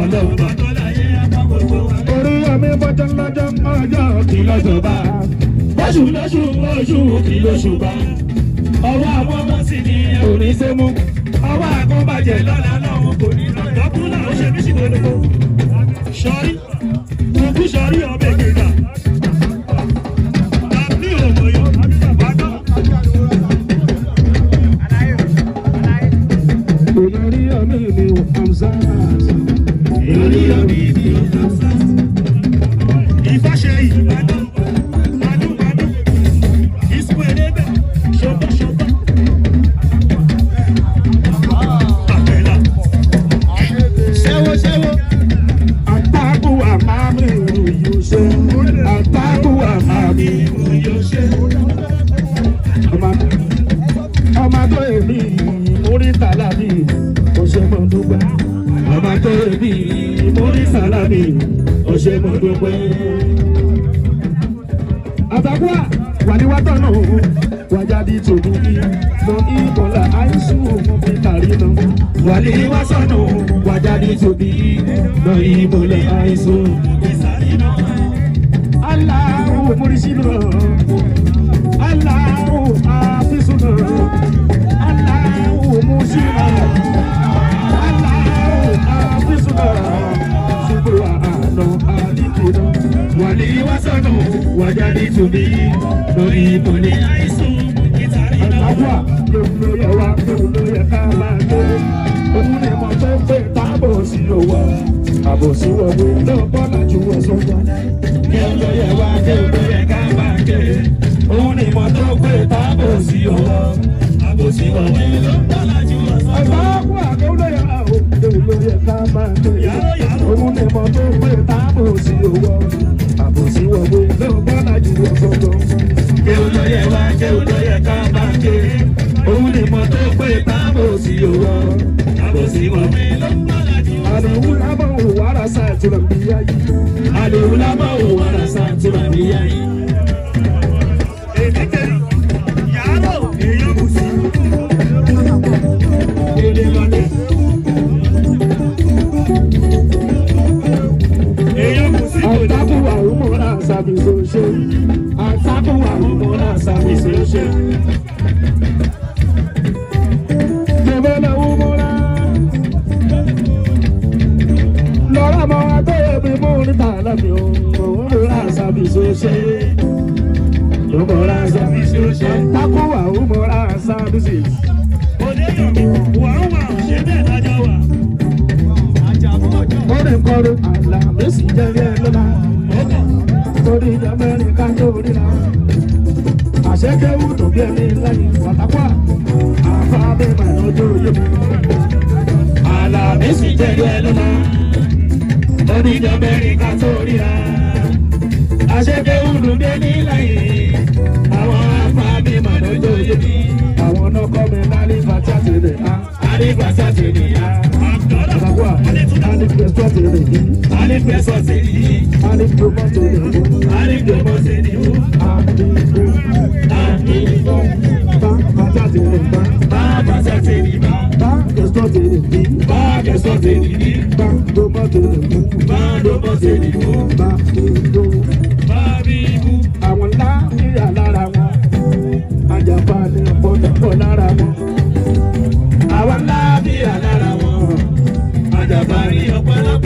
ọlọ́run bá. orí àmì bọ́jọ́ lọ́jọ́ ọjọ́ kì lọ́jọ́ bá. lóṣù lóṣù oṣù kì lóṣù bá. ọwọ́ àwọn ọmọ sì ni òní ṣe mú. ọwọ́ àkọ́bàjẹ́ lọ́la lọ́hùn kò ní lọ́yẹ̀. lọ́kùnrin náà ó ṣe mí sí gbogbo. sọrí mo kú sọrí ọbẹ̀ kẹta. sálámì ọṣẹ mo dúpẹ́. àtàkùn wà ní wàtọ̀ náà wàjáde tòun kí lọ ìbọ̀là àìsùn òun fi tàrí lọ. wàlé wá sọ̀nà wàjáde tòun kí lọ ìbọ̀là àìsùn òun fi tàrí lọ. aláwo mọ̀rìsí lọ aláwo àfisùn lọ aláwo mọ̀rìsí lọ. Wajadi nítorí lórí ìbòlé àìsàn ìtàrí náà. àwa lòun ló yẹ wá lòun ló yẹ ká máa gbé òun ni mo tó pé tábò sí lówó àbòsí ló bọ́lá ju wọ sọ́jà. kí n yẹ wá kí n ká máa gbé òun ni mo tó pé tábò sí lówó ló bọ́lá. pé tábòsí òwò tábòsí mọ̀ mi ló ń bọ̀ láti wọ́n. àdéhùn lábọ̀ òun wàrà sáà tó lọ bí yá yìí. àdéhùn lábọ̀ òun wàrà sáà tó lọ bí yá yìí. èdè kẹrin yàrá èèyàn kù sí. èdè lọ́dẹ. èèyàn kù sí kò dé. àtàkùn àwọn ọmọ rà sábì sọ ṣe. àtàkùn àwọn ọmọ rà sábì sọ ṣe bọ́lá wú múra. lọ́rọ̀ mọ́ agbóyè mi mú níta lẹ́mi o òun múra sábì ṣoṣe. yóò múra sábì ṣoṣe. takú wà ó múra sábì ṣe. òde yọ̀mí wà ó wà ó ṣe bẹ́ẹ̀ lájọ́ wà. ó rìn kọ́rọ́ àlàmísì tó rí la. àṣẹ èmi sì jẹ̀rù ẹ̀ lọ́nà oníjọ mẹ́rin ká tó ríra àṣẹkẹ́ olùdé níláyè àwọn afáàmì màdójó yé mi àwọn ọlọ́kọ́ mi lálẹ́fà tí a ti lè ha àlẹ́fà tí a ti lè ha àgbàgbà àlẹ́fẹ̀sọ̀ ti lè yí àlẹ́fẹ̀sọ̀ ti lè yí àlẹ́fẹ̀mọ̀ ti lè wú àlẹ́fẹ̀mọ̀ ti lè wú àdìgbò àdìgbò bá bàtà ti lè bá bá bàtà ti lè bá. Bank is not in the Bank is not in the Bank do not in the Bank do not in the Bank do do Bábíbú. Àwọn láàbíyà lára wọn. Àjàpá ni ọ̀pọ̀lọpọ̀ lára wọn. Àwọn láàbíyà lára wọn. Àjàpá ni ọ̀pọ̀lọpọ̀.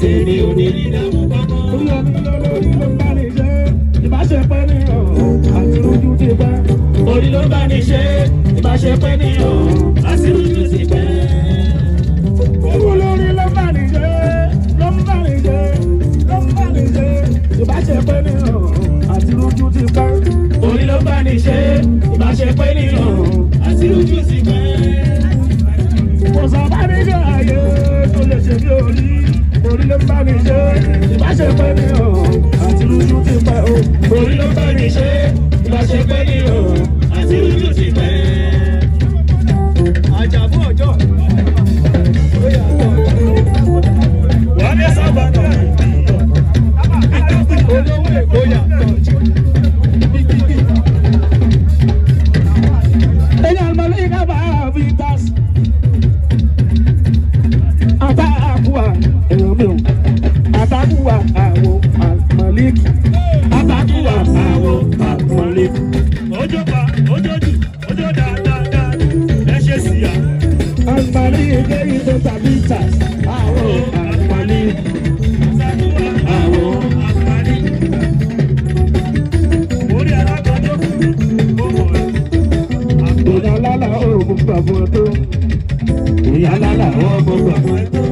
ṣe mi ò ní rí lẹ́wù kankan. orí omi lórí ti pẹ́. orí ló ń bá ní ṣe ìbáṣe pẹ́ ti pẹ́. owó lórí ló ń bá ní ṣe ló ń bá ti pẹ́. orí ló ń bá ní ṣe ìbáṣe pẹ́ ọ̀ àti ojú ti pẹ́. pé mi o àti lójú ti pẹ́ o orí ló bá mi ṣe ìbáṣepẹ́ mi o. Salitas, àwọ̀ àǹfààní. Àwọ̀ àǹfààní. Orí alágbájọ́ fún mi, ó mọ̀ ẹ́. Ìyá lálá oògùn gbàgbọ́ tó. Ìyá lálá ọmọ gbàgbọ́ tó.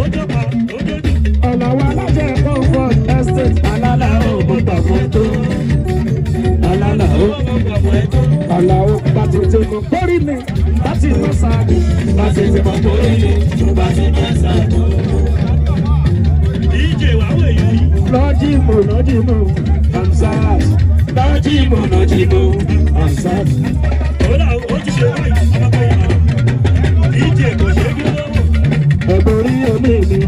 Ó jọba, ó jọjú. Ọ̀nà wa lájẹ̀ Comfort Estate, alálà oògùn gbàgbọ́ tó. Alálà ó. Alálà ó bá tuntun kò kórìí mi gente não sabe, mas esse bandolim, o base dançado. DJ, uau, ei, ei. Lodimo, lodimo, dançado. Lodimo, lodimo, dançado. Olá, onde você vai? DJ, você que não. É por isso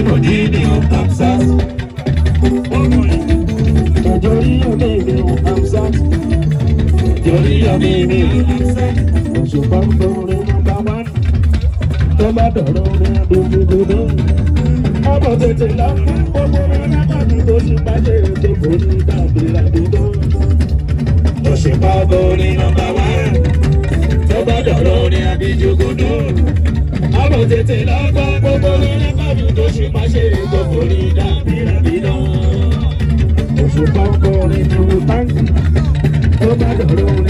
Nobody in Kansas. Jolly your baby in Kansas. Jolly your baby in Kansas. So come from the number one. The matter of the baby baby. Ọmọ àbọ̀ tètè lọ́gbọ́ gbogbo lọ́lọ́gbàdù tó ṣe má ṣe ètò orí dábìràbìrà. Òṣùpá ń kọrin ju táǹkì tó bá dọ̀rọ̀ rẹ̀.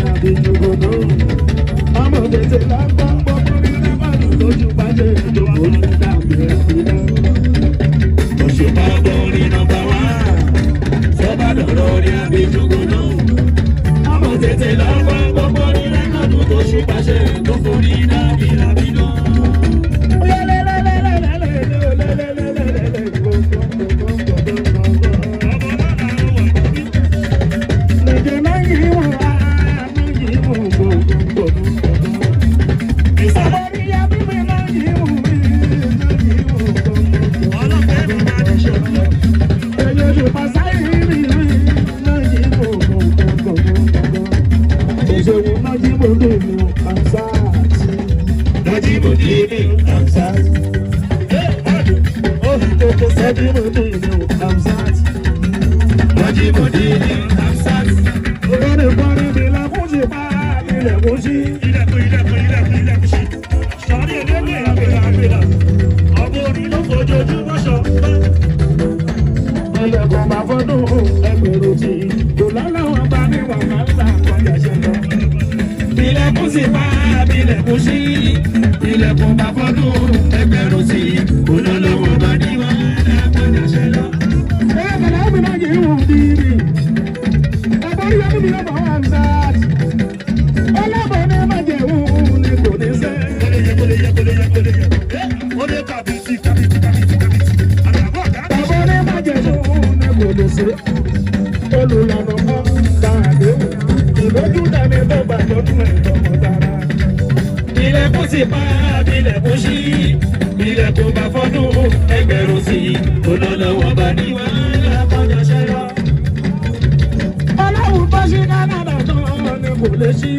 ilẹ̀kùn bá fọ́dún ẹgbẹ̀rún tí dòlà làwọn bá ní wọn máa ń là kọjá ṣe lọ. ilẹ̀kùn sì bá ilẹ̀kùn sí ilẹ̀kùn bá fọ́dún ẹgbẹ̀rún tí dòlà làwọn bá ní wọn máa ń là kọjá ṣe sì máa bilẹ̀ kó ṣí ilẹ̀ kó bá fọ́dún ẹgbẹ̀rún sí i olólùwọ̀n bá ní wá lápọ̀jà ṣẹlọ. ọlọ́run bá ṣe náà tán ni kò lè ṣí.